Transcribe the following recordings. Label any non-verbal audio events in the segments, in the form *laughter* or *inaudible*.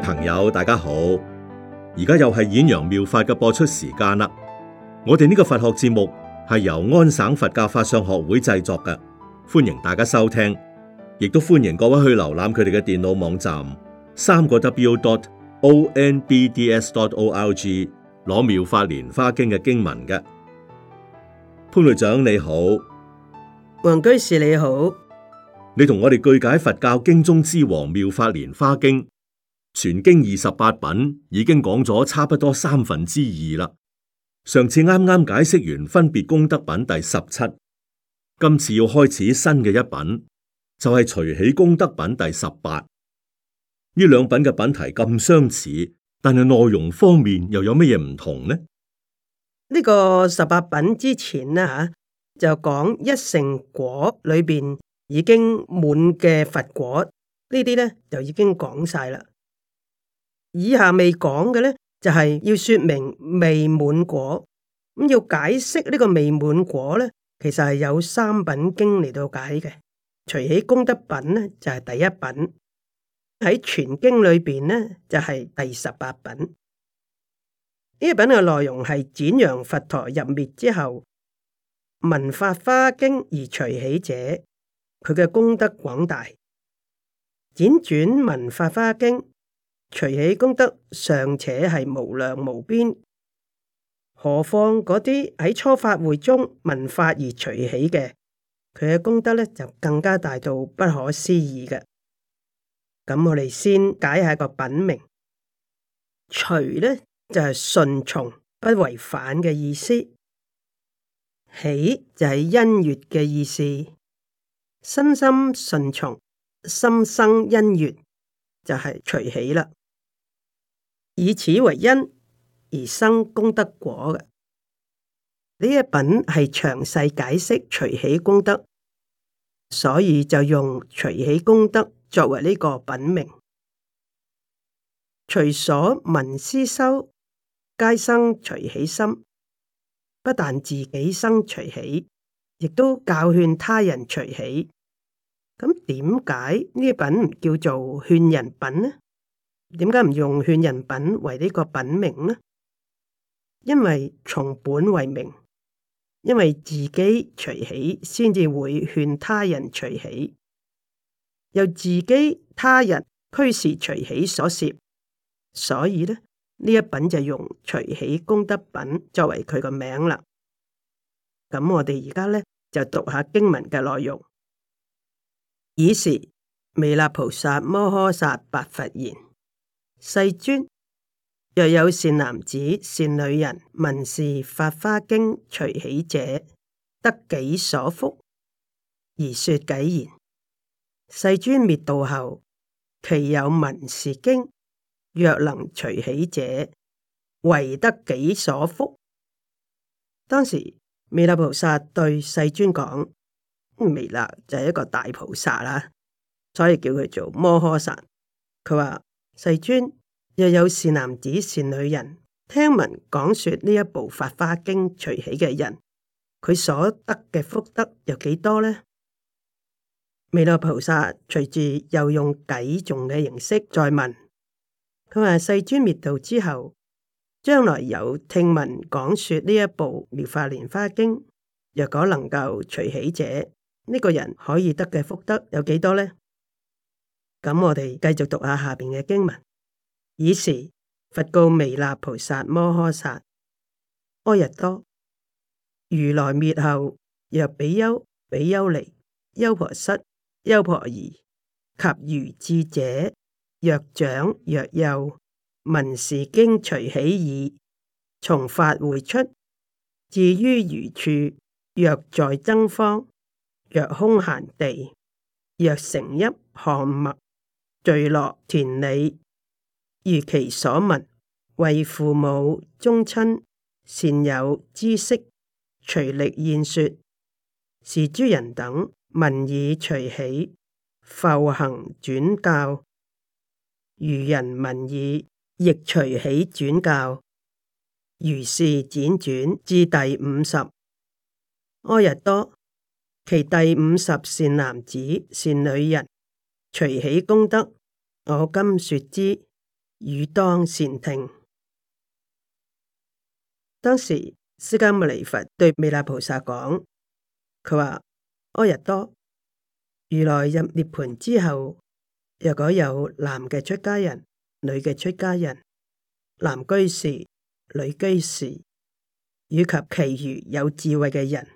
朋友，大家好！而家又係顯揚妙法嘅播出時間啦。我哋呢個佛學節目係由安省佛教法相學會製作嘅，歡迎大家收聽，亦都歡迎各位去瀏覽佢哋嘅電腦網站三個 W.onbds.org 攞妙法蓮花經嘅經文嘅。潘隊長你好，黃居士你好，你同我哋具解佛教經中之王妙法蓮花經。全經二十八品已經講咗差不多三分之二啦。上次啱啱解釋完分別功德品第十七，今次要開始新嘅一品，就係、是、隨喜功德品第十八。呢兩品嘅品題咁相似，但係內容方面又有咩嘢唔同呢？呢個十八品之前咧、啊、吓就講一成果裏邊已經滿嘅佛果呢啲咧，就已經講晒啦。以下未講嘅咧，就係、是、要說明未滿果咁，要解釋呢個未滿果咧，其實係有三品經嚟到解嘅。隨喜功德品咧，就係、是、第一品；喺全經裏邊呢，就係、是、第十八品。呢一品嘅內容係展揚佛陀入滅之後聞法華經而隨喜者，佢嘅功德廣大，輾轉聞法華經。隨喜功德尚且係無量無邊，何況嗰啲喺初法會中聞法而隨喜嘅，佢嘅功德咧就更加大到不可思議嘅。咁我哋先解一下一個品名，隨呢，就係順從不違反嘅意思，喜就係欣悅嘅意思，身心順從，心生欣悅，就係、是、隨喜啦。以此為因而生功德果嘅，呢一品係詳細解釋隨喜功德，所以就用隨喜功德作為呢個品名。隨所聞思修，皆生隨喜心。不但自己生隨喜，亦都教勸他人隨喜。咁點解呢一品唔叫做勸人品呢？點解唔用勸人品為呢個品名呢？因為從本為名，因為自己隨喜先至會勸他人隨喜，由自己、他人驅使隨喜所涉。所以呢，呢一品就用隨喜功德品作為佢個名啦。咁、嗯、我哋而家呢就讀下經文嘅內容。爾時，彌勒菩薩摩訶薩白佛言。世尊，若有善男子、善女人聞是法花經隨喜者，得幾所福？而說偈言：世尊滅度後，其有聞是經，若能隨喜者，唯得幾所福？當時彌勒菩薩對世尊講：彌勒就係一個大菩薩啦，所以叫佢做摩訶薩。佢話世尊。又有善男子、善女人，聽聞講說呢一部《法華經》隨喜嘅人，佢所得嘅福德有幾多呢？彌勒菩薩隨住又用偈頌嘅形式再問，佢話世尊滅度之後，將來有聽聞講說呢一部《妙法蓮華經》，若果能夠隨喜者，呢個人可以得嘅福德有幾多呢？咁我哋繼續讀下下邊嘅經文。爾時，佛告彌勒菩薩摩訶薩：阿逸多，如來滅後，若比丘、比丘尼、優婆塞、優婆夷及餘智者，若長若幼，聞是經隨喜已，從法會出，至於餘處，若在僧坊，若空閒地，若城邑巷陌，聚落田里。如其所聞，為父母、宗親、善友知識，隨力演說。是諸人等聞已隨喜，復行轉教。如人聞已亦隨喜轉教。如是輾轉至第五十。阿逸多，其第五十善男子、善女人，隨喜功德。我今說之。與當善聽。當時釋迦牟尼佛對彌勒菩薩講，佢話：阿日多，如來入涅槃之後，若果有男嘅出家人、女嘅出家人、男居士、女居士，以及其餘有智慧嘅人，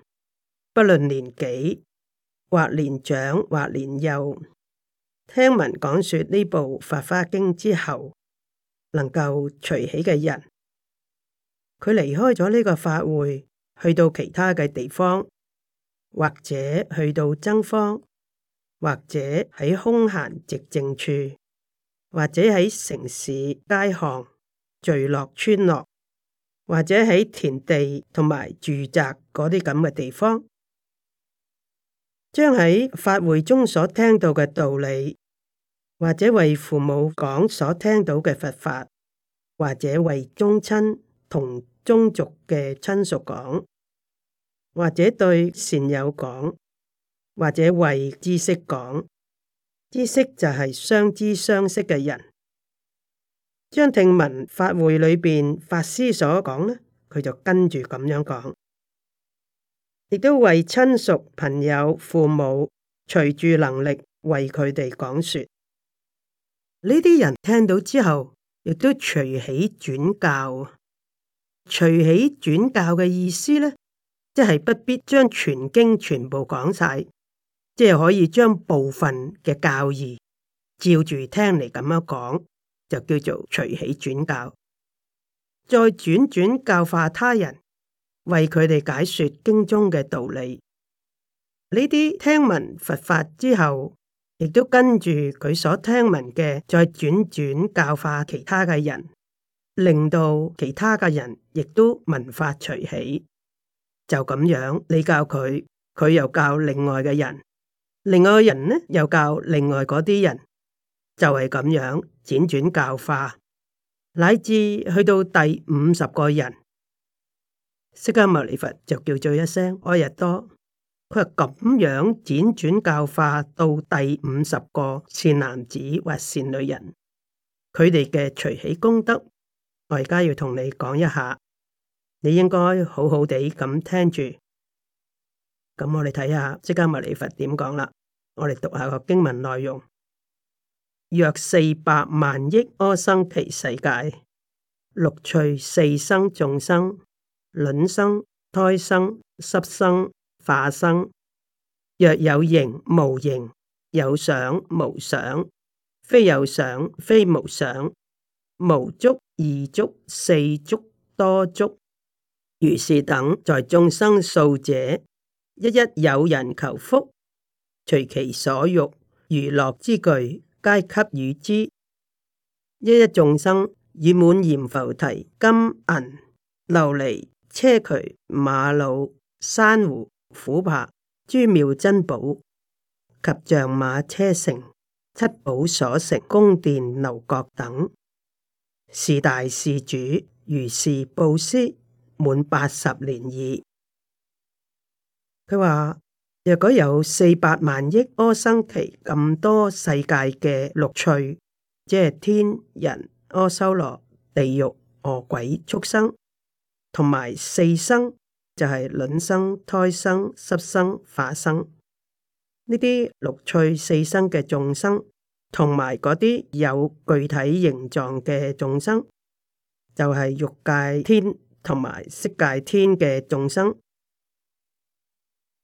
不論年紀，或年長或年幼，聽聞講說呢部《法華經》之後，能夠隨喜嘅人，佢離開咗呢個法會，去到其他嘅地方，或者去到僧坊，或者喺空閒寂靜處，或者喺城市街巷、聚落村落，或者喺田地同埋住宅嗰啲咁嘅地方，將喺法會中所聽到嘅道理。或者為父母講所聽到嘅佛法，或者為宗親同宗族嘅親屬講，或者對善友講，或者為知識講。知識就係相知相識嘅人，將聽聞法會裏邊法師所講咧，佢就跟住咁樣講，亦都為親屬、朋友、父母，隨住能力為佢哋講說。呢啲人聽到之後，亦都隨喜轉教。隨喜轉教嘅意思咧，即係不必將全經全部講晒，即係可以將部分嘅教義照住聽嚟咁樣講，就叫做隨喜轉教。再轉轉教化他人，為佢哋解說經中嘅道理。呢啲聽聞佛法之後。亦都跟住佢所聽聞嘅，再輾轉教化其他嘅人，令到其他嘅人亦都聞法隨喜。就咁樣，你教佢，佢又教另外嘅人，另外嘅人呢又教另外嗰啲人，就係咁樣輾轉教化，乃至去到第五十個人，釋迦牟尼佛就叫咗一聲阿逸多。佢係咁樣輾轉教化到第五十個善男子或善女人，佢哋嘅隨喜功德，我而家要同你講一下，你應該好好地咁聽住。咁我哋睇下，即刻彌勒佛點講啦？我哋讀下個經文內容：約四百萬億阿僧祇世界，六趣四生眾生，卵生、胎生、濕生。化生，若有形無形，有想無想，非有想非無想，無足二足四足多足，如是等在眾生數者，一一有人求福，隨其所欲，娛樂之具，皆給予之，一一眾生以滿閻浮提金銀琉璃車磲馬瑙珊瑚。琥珀、諸妙珍寶及象馬車乘，七寶所成宮殿樓閣等，是大施主如是布施滿八十年已。佢話：若果有四百萬億阿僧祇咁多世界嘅六趣，即係天人、阿修羅、地獄、餓鬼、畜生，同埋四生。就係卵生、胎生、濕生、化生呢啲六趣四生嘅眾生，同埋嗰啲有具體形狀嘅眾生，就係、是、欲界天同埋色界天嘅眾生。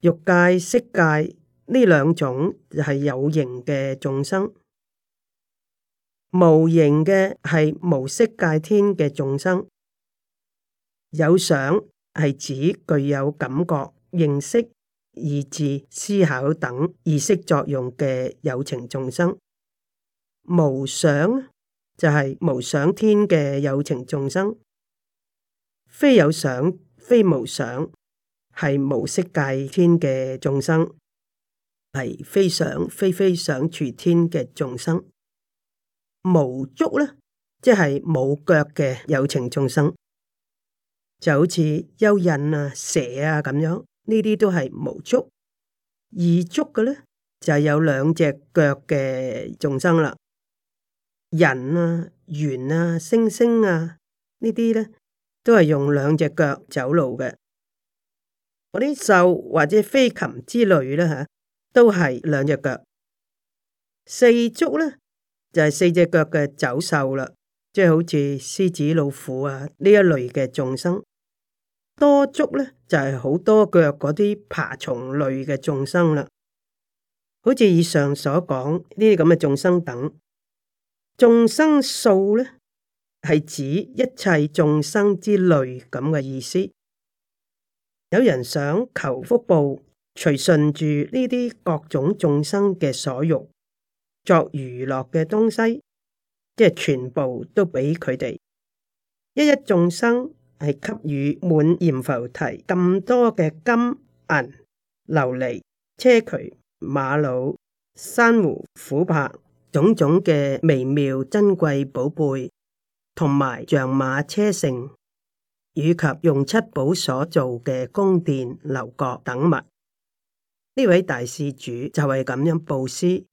欲界、色界呢兩種就係有形嘅眾生，無形嘅係無色界天嘅眾生，有想。係指具有感覺、認識、意志、思考等意識作用嘅有情眾生。無想就係、是、無想天嘅有情眾生，非有想、非無想，係無色界天嘅眾生，係非想、非非想處天嘅眾生。無足咧，即係冇腳嘅有情眾生。就好似蚯蚓啊、蛇啊咁樣，呢啲都係無足，二足嘅咧，就係有兩隻腳嘅眾生啦。人啊、猿啊、猩猩啊，呢啲咧都係用兩隻腳走路嘅。嗰啲獸或者飛禽之類啦吓，都係兩隻腳。四足咧就係、是、四隻腳嘅走獸啦，即係好似獅子、老虎啊呢一類嘅眾生。多足咧就係好多腳嗰啲爬蟲類嘅眾生啦，好似以上所講呢啲咁嘅眾生等眾生數咧係指一切眾生之類咁嘅意思。有人想求福報，隨順住呢啲各種眾生嘅所欲作娛樂嘅東西，即係全部都俾佢哋一一眾生。係給予滿閻浮提咁多嘅金銀、琉璃、硨磲、馬瑙、珊瑚、琥珀，種種嘅微妙珍貴寶貝，同埋象馬車乘，以及用七寶所做嘅宮殿樓閣等物。呢位大施主就係咁樣布施，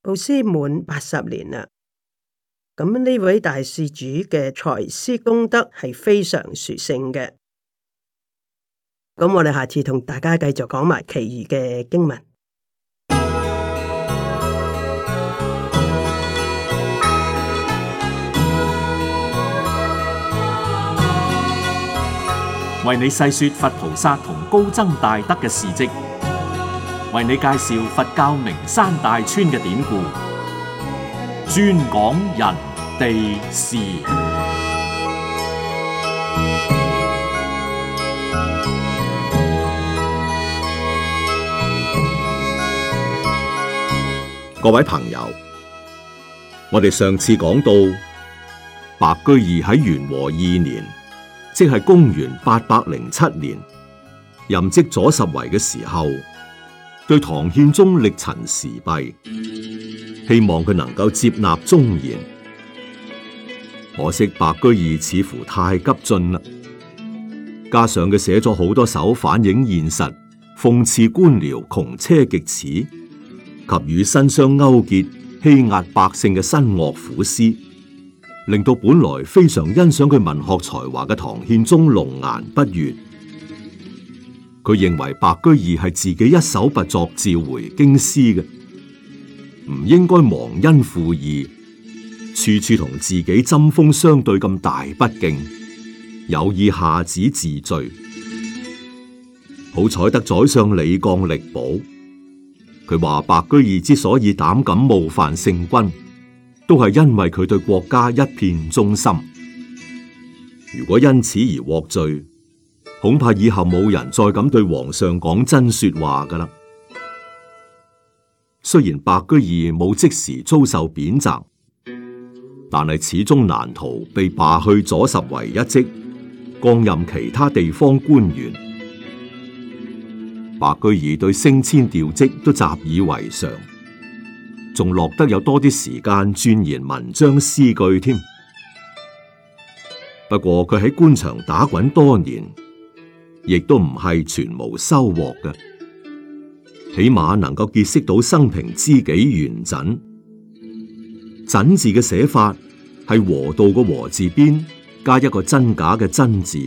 布施滿八十年啦。咁呢位大施主嘅財施功德係非常殊勝嘅。咁我哋下次同大家繼續講埋其餘嘅經文。為你細說佛菩薩同高僧大德嘅事跡，為你介紹佛教名山大川嘅典故，專講人。地事，各位朋友，我哋上次講到白居易喺元和二年，即係公元八百零七年，任職左拾遺嘅時候，對唐憲宗力陳時弊，希望佢能夠接納忠言。可惜白居易似乎太急進啦，加上佢寫咗好多首反映現實、諷刺官僚窮奢極侈及與新商勾結欺壓百姓嘅新樂府詩，令到本來非常欣賞佢文學才華嘅唐憲宗龍顏不悅。佢認為白居易係自己一手拔擢召回京師嘅，唔應該忘恩負義。處處同自己針鋒相對咁大不敬，有意下旨治罪。好彩得宰相李絳力保，佢話白居易之所以膽敢冒犯聖君，都係因為佢對國家一片忠心。如果因此而獲罪，恐怕以後冇人再敢對皇上講真說話㗎喇。雖然白居易冇即時遭受貶責，但係始終難逃被罷去咗左拾遺一職，降任其他地方官員。白居易對升遷調職都習以為常，仲落得有多啲時間鑽研文章詩句添。不過佢喺官場打滾多年，亦都唔係全無收穫嘅，起碼能夠結識到生平知己元稹。“稹”字嘅寫法係“和道”個“和”字邊加一個真假嘅“真”字，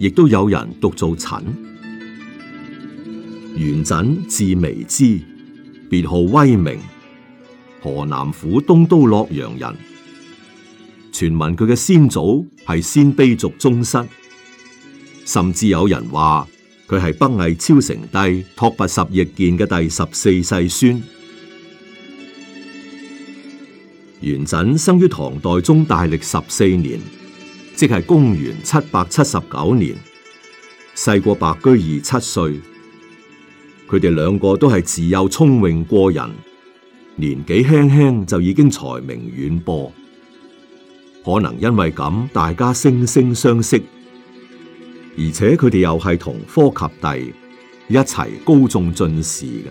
亦都有人讀做“陳”。元稹字微之，別號威明，河南府東都洛陽人。傳聞佢嘅先祖係鮮卑族宗室，甚至有人話佢係北魏昭成帝拓跋什翼犍嘅第十四世孫。元稹生於唐代宗大曆十四年，即係公元七百七十九年，細過白居易七歲。佢哋兩個都係自幼聰穎過人，年紀輕輕就已經才名遠播。可能因為咁，大家惺惺相惜，而且佢哋又係同科及第，一齊高中進士嘅，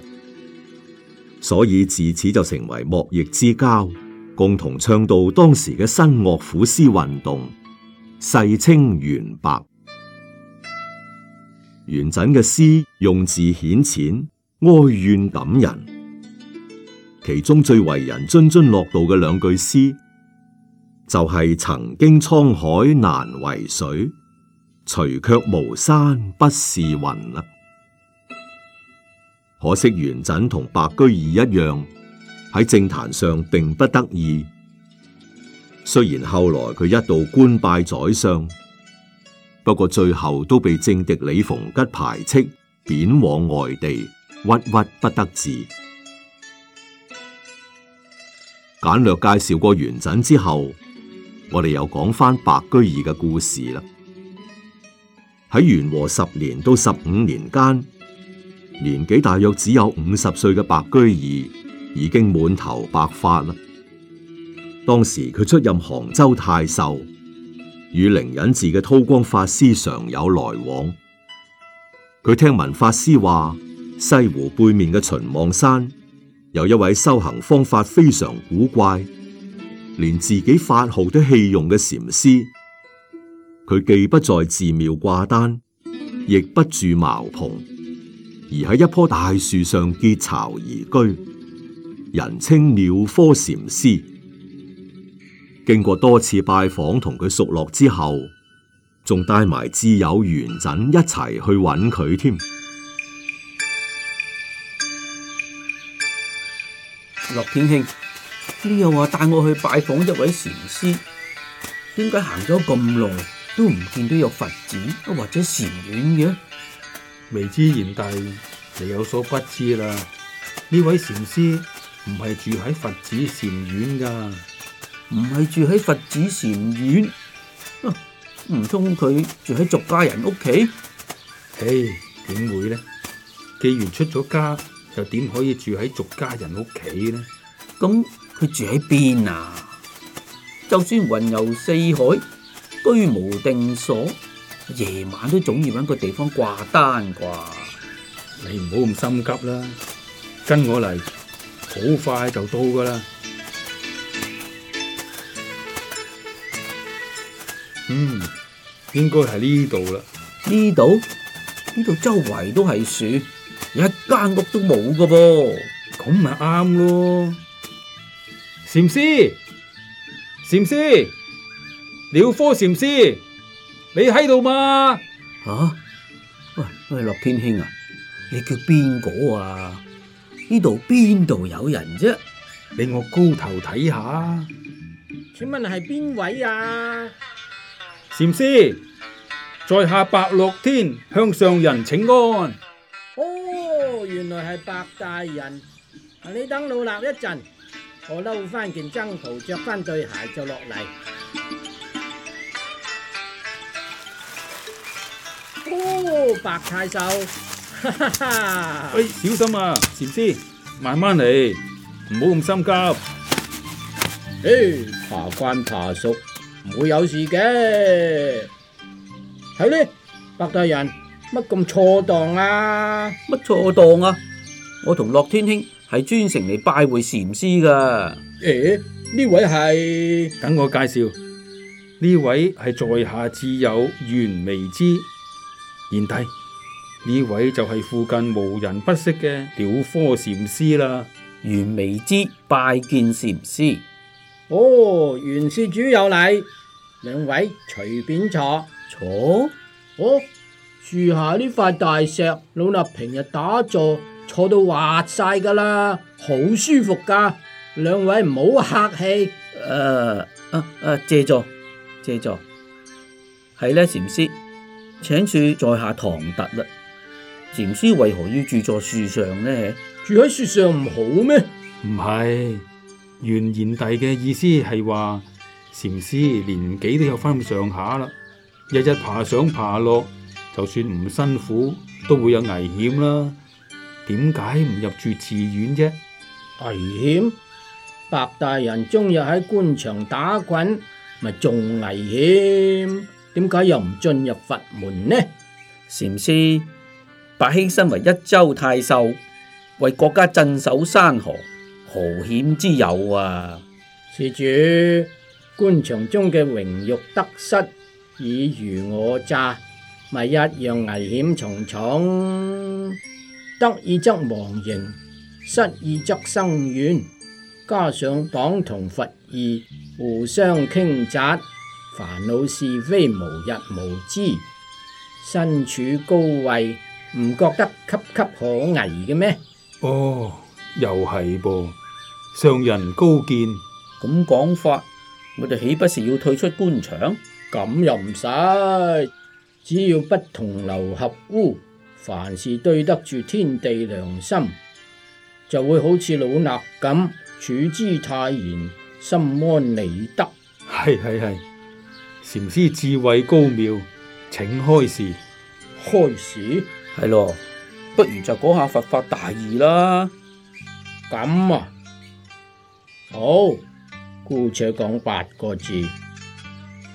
所以自此就成為莫逆之交。共同倡導當時嘅新樂府詩運動，世稱元白。元稹嘅詩用字顯淺，哀怨感人。其中最為人津津樂道嘅兩句詩，就係、是“曾經滄海難為水，除卻巫山不是雲”啦。可惜元稹同白居易一樣。喺政壇上並不得意，雖然後來佢一度官拜宰相，不過最後都被政敵李逢吉排斥，貶往外地，屈屈不得志。簡略介紹過元稹之後，我哋又講返白居易嘅故事啦。喺元和十年到十五年間，年紀大約只有五十歲嘅白居易。已經滿頭白髮啦。當時佢出任杭州太守，與靈隱寺嘅韜光法師常有來往。佢聽聞法師話，西湖背面嘅秦望山有一位修行方法非常古怪，連自己法號都棄用嘅禪師。佢既不在寺廟掛單，亦不住茅棚，而喺一棵大樹上結巢而居。人稱鳥窠禪師，經過多次拜訪同佢熟絡之後，仲帶埋摯友元稹一齊去搵佢添。樂天兄，你又話帶我去拜訪一位禪師，點解行咗咁耐都唔見到有佛寺或者禪院嘅？未知賢弟，你有所不知啦，呢位禪師。唔係住喺佛寺禪院噶，唔係住喺佛寺禪院，唔通佢住喺俗家人屋企？唉，點會呢？既然出咗家，又點可以住喺俗家人屋企呢？咁佢住喺邊啊？就算雲遊四海，居無定所，夜晚都總要揾個地方掛單啩？你唔好咁心急啦，跟我嚟。好快就到噶啦，嗯，應該係呢度啦。呢度呢度周圍都係樹，一間屋都冇噶噃，咁咪啱咯。禪師，禪師，鳥窠禪師，你喺度嗎？吓，喂，樂天兄啊，你叫邊個啊？呢度邊度有人啫？俾我高頭睇下。請問係邊位啊？禪師，在下白樂天向上人請安。哦，原來係白大人。你等老衲一陣，我褸翻件僧袍，着翻對鞋就落嚟。哦，白太守。哎，小心啊，禪師，慢慢嚟，唔好咁心急。誒，下官下屬唔會有事嘅。係呢，白大人乜咁錯當啊？乜錯當啊？我同樂天兄係專程嚟拜會禪師㗎。誒，呢位係？等我介紹，呢位係在下摯友元微之賢弟。呢位就係附近無人不識嘅鳥窠禪師啦，元微之拜見禪師。哦，元施主有禮，兩位隨便坐。坐，哦，樹下呢塊大石，老衲平日打坐坐到滑晒噶啦，好舒服噶。兩位唔好客氣，誒、呃，誒、啊、誒、啊，借座，借座。係咧，禪師，請恕在下唐突啦。禪師為何要住在樹上呢？住喺樹上唔好咩？唔係，袁賢帝嘅意思係話，禪師年紀都有翻咁上下啦，日日爬上爬落，就算唔辛苦都會有危險啦。點解唔入住寺院啫？危險？白大人終日喺官場打滾，咪仲危險？點解又唔進入佛門呢？禪師。白稀身為一州太守，為國家鎮守山河，何險之有啊？施主，官場中嘅榮辱得失，爾虞我詐，咪一樣危險重重。得意則忘形，失意則生怨，加上黨同伐異，互相傾軋，煩惱是非無日無之。身處高位。唔覺得岌岌可危嘅咩？哦，又係噃，上人高見。咁講法，我哋豈不是要退出官場？咁又唔使，只要不同流合污，凡事對得住天地良心，就會好似老衲咁處之泰然，心安理得。係係係，禪師智慧高妙，請開示。開示。係咯，不如就講下佛法大義啦。咁啊，好，姑且講八個字：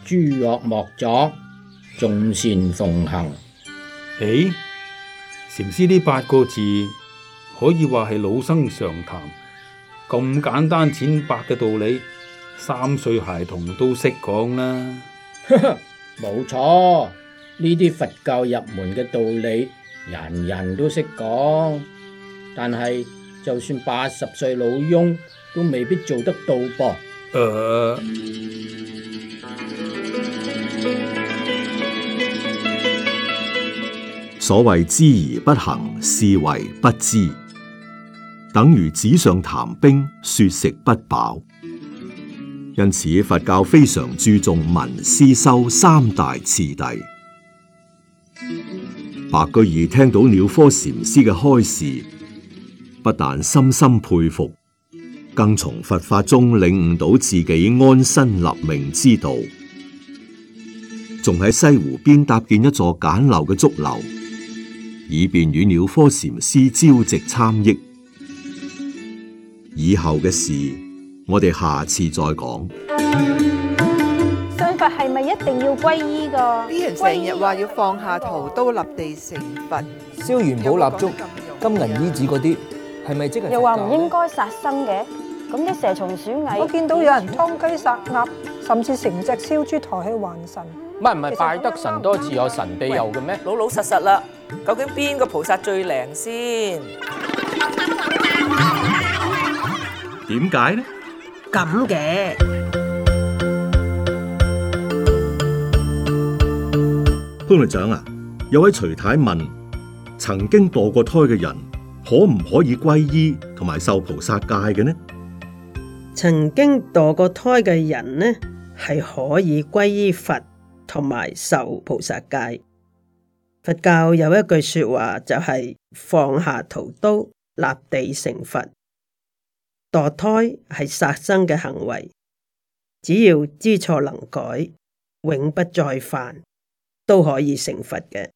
諸惡莫作，眾善奉行。誒、欸，禪師呢八個字可以話係老生常談，咁簡單淺白嘅道理，三歲孩童都識講啦。冇錯， *laughs* 呢啲佛教入門嘅道理。人人都識講，但係就算八十歲老翁都未必做得到噃。呃、所謂知而不行，是為不知，等於紙上談兵，說食不飽。因此佛教非常注重聞思修三大次第。白居易聽到鳥窠禪師嘅開示，不但深深佩服，更從佛法中領悟到自己安身立命之道，仲喺西湖邊搭建一座簡陋嘅竹樓，以便與鳥窠禪師朝夕參益。以後嘅事，我哋下次再講。係一定要皈依噶。啲人成日話要放下屠刀，立地成佛，燒元寶蠟燭、金銀衣紙嗰啲，係咪即係？又話唔應該殺生嘅，咁啲蛇蟲鼠蟻，我見到有人劏雞殺鴨，甚至成隻燒豬抬去還神，乜唔係拜得神多自有神庇佑嘅咩？老老實實啦，究竟邊個菩薩最靈先？點解呢？咁嘅。潘律長啊，有位徐太太問：曾經墮過胎嘅人，可唔可以皈依同埋受菩薩戒嘅呢？曾經墮過胎嘅人呢，係可以皈依佛同埋受菩薩戒。佛教有一句説話，就是，就係放下屠刀，立地成佛。墮胎係殺生嘅行為，只要知錯能改，永不再犯。都可以成佛嘅。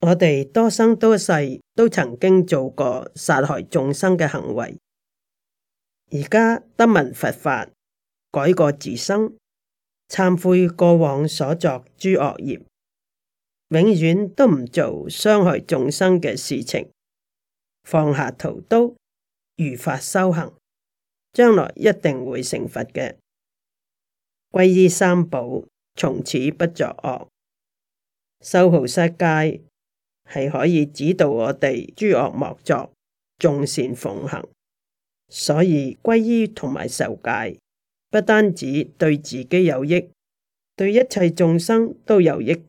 我哋多生多世都曾經做過殺害眾生嘅行為，而家得聞佛法，改過自新，懺悔過往所作諸惡業，永遠都唔做傷害眾生嘅事情，放下屠刀，如法修行，將來一定會成佛嘅。皈依三寶，從此不作惡。修菩薩戒係可以指導我哋諸惡莫作，眾善奉行。所以皈依同埋受戒，不單止對自己有益，對一切眾生都有益。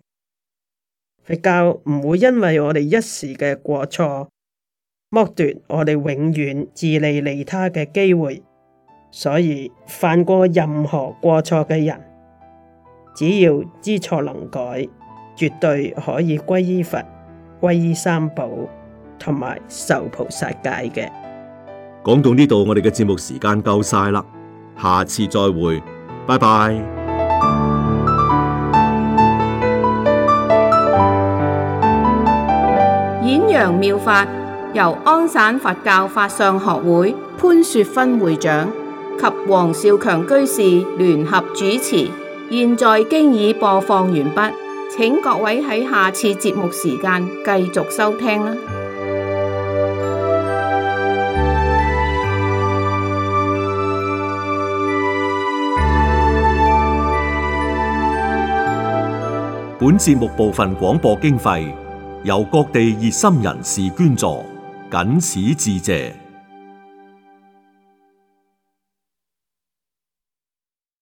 佛教唔會因為我哋一時嘅過錯，剝奪我哋永遠自利利他嘅機會。所以犯過任何過錯嘅人，只要知錯能改。絕對可以皈依佛、皈依三寶，同埋受菩薩戒嘅。講到呢度，我哋嘅節目時間夠曬啦，下次再會，拜拜。演揚妙法由安省佛教法相學會潘雪芬會長及黃少強居士聯合主持，現在經已播放完畢。請各位喺下次節目時間繼續收聽啦。本節目部分廣播經費由各地熱心人士捐助，謹此致謝。